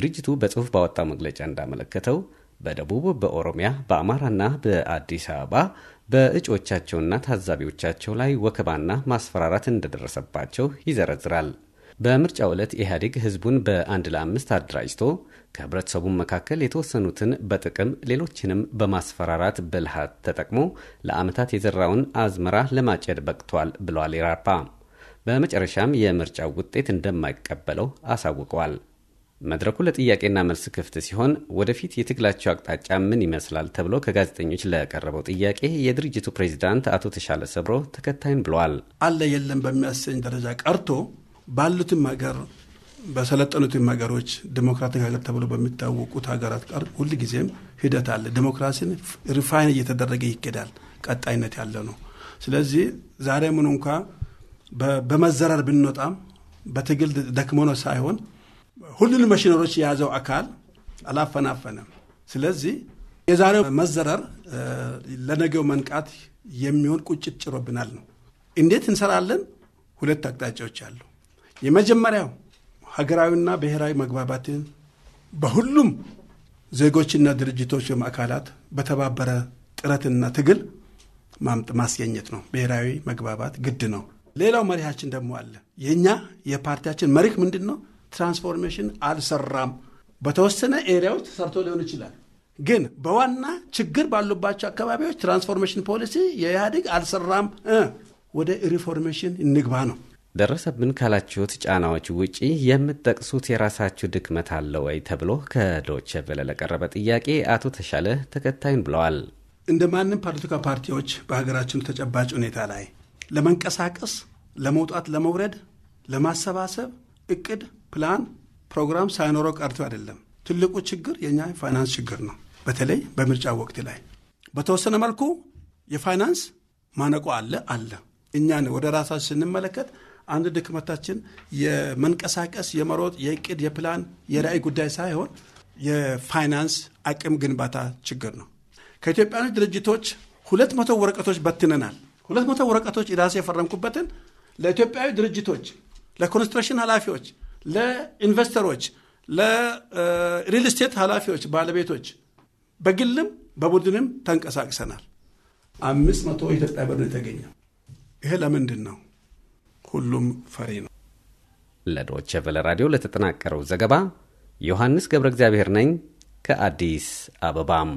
ድርጅቱ በጽሑፍ ባወጣው መግለጫ እንዳመለከተው በደቡብ በኦሮሚያ በአማራና በአዲስ አበባ በእጮቻቸውና ታዛቢዎቻቸው ላይ ወከባና ማስፈራራት እንደደረሰባቸው ይዘረዝራል። በምርጫው ዕለት ኢህአዴግ ህዝቡን በአንድ ለአምስት አደራጅቶ ከህብረተሰቡም መካከል የተወሰኑትን በጥቅም ሌሎችንም በማስፈራራት ብልሃት ተጠቅሞ ለዓመታት የዘራውን አዝመራ ለማጨድ በቅቷል ብሏል ኢራፓ። በመጨረሻም የምርጫው ውጤት እንደማይቀበለው አሳውቀዋል። መድረኩ ለጥያቄና መልስ ክፍት ሲሆን ወደፊት የትግላቸው አቅጣጫ ምን ይመስላል ተብሎ ከጋዜጠኞች ለቀረበው ጥያቄ የድርጅቱ ፕሬዚዳንት አቶ ተሻለ ሰብሮ ተከታይን ብለዋል። አለ የለም በሚያሰኝ ደረጃ ቀርቶ ባሉትም ሀገር በሰለጠኑትም ሀገሮች ዲሞክራቲክ ሀገር ተብሎ በሚታወቁት ሀገራት ጋር ሁልጊዜም ሂደት አለ። ዲሞክራሲን ሪፋይን እየተደረገ ይገዳል። ቀጣይነት ያለ ነው። ስለዚህ ዛሬ ምን እንኳ በመዘረር ብንወጣም በትግል ደክመኖ ሳይሆን ሁሉን መሽነሮች የያዘው አካል አላፈናፈነም። ስለዚህ የዛሬው መዘረር ለነገው መንቃት የሚሆን ቁጭት ጭሮብናል ነው። እንዴት እንሰራለን? ሁለት አቅጣጫዎች አሉ። የመጀመሪያው ሀገራዊና ብሔራዊ መግባባትን በሁሉም ዜጎችና ድርጅቶች ወይም አካላት በተባበረ ጥረትና ትግል ማምጥ ማስገኘት ነው። ብሔራዊ መግባባት ግድ ነው። ሌላው መሪሃችን ደግሞ አለ። የእኛ የፓርቲያችን መሪህ ምንድን ነው? ትራንስፎርሜሽን አልሰራም። በተወሰነ ኤሪያዎች ተሰርቶ ሊሆን ይችላል፣ ግን በዋና ችግር ባሉባቸው አካባቢዎች ትራንስፎርሜሽን ፖሊሲ የኢህአዴግ አልሰራም፣ ወደ ሪፎርሜሽን እንግባ ነው። ደረሰብን ካላችሁት ጫናዎች ውጪ የምትጠቅሱት የራሳችሁ ድክመት አለ ወይ ተብሎ ከዶች ቬለ ለቀረበ ጥያቄ አቶ ተሻለ ተከታዩን ብለዋል። እንደ ማንም ፖለቲካ ፓርቲዎች በሀገራችን ተጨባጭ ሁኔታ ላይ ለመንቀሳቀስ፣ ለመውጣት፣ ለመውረድ፣ ለማሰባሰብ እቅድ ፕላን፣ ፕሮግራም ሳይኖረው ቀርቶ አይደለም። ትልቁ ችግር የእኛ የፋይናንስ ችግር ነው። በተለይ በምርጫ ወቅት ላይ በተወሰነ መልኩ የፋይናንስ ማነቆ አለ አለ። እኛን ወደ ራሳችን ስንመለከት አንድ ድክመታችን የመንቀሳቀስ የመሮጥ የእቅድ የፕላን የራዕይ ጉዳይ ሳይሆን የፋይናንስ አቅም ግንባታ ችግር ነው። ከኢትዮጵያኖች ድርጅቶች ሁለት መቶ ወረቀቶች በትነናል። ሁለት መቶ ወረቀቶች ራሴ የፈረምኩበትን ለኢትዮጵያዊ ድርጅቶች ለኮንስትራክሽን ኃላፊዎች ለኢንቨስተሮች፣ ለሪል ስቴት ኃላፊዎች፣ ባለቤቶች በግልም በቡድንም ተንቀሳቅሰናል። አምስት መቶ ኢትዮጵያ ብር ነው የተገኘው። ይሄ ለምንድን ነው? ሁሉም ፈሪ ነው። ለዶቸ ቨለ ራዲዮ ለተጠናቀረው ዘገባ ዮሐንስ ገብረ እግዚአብሔር ነኝ ከአዲስ አበባም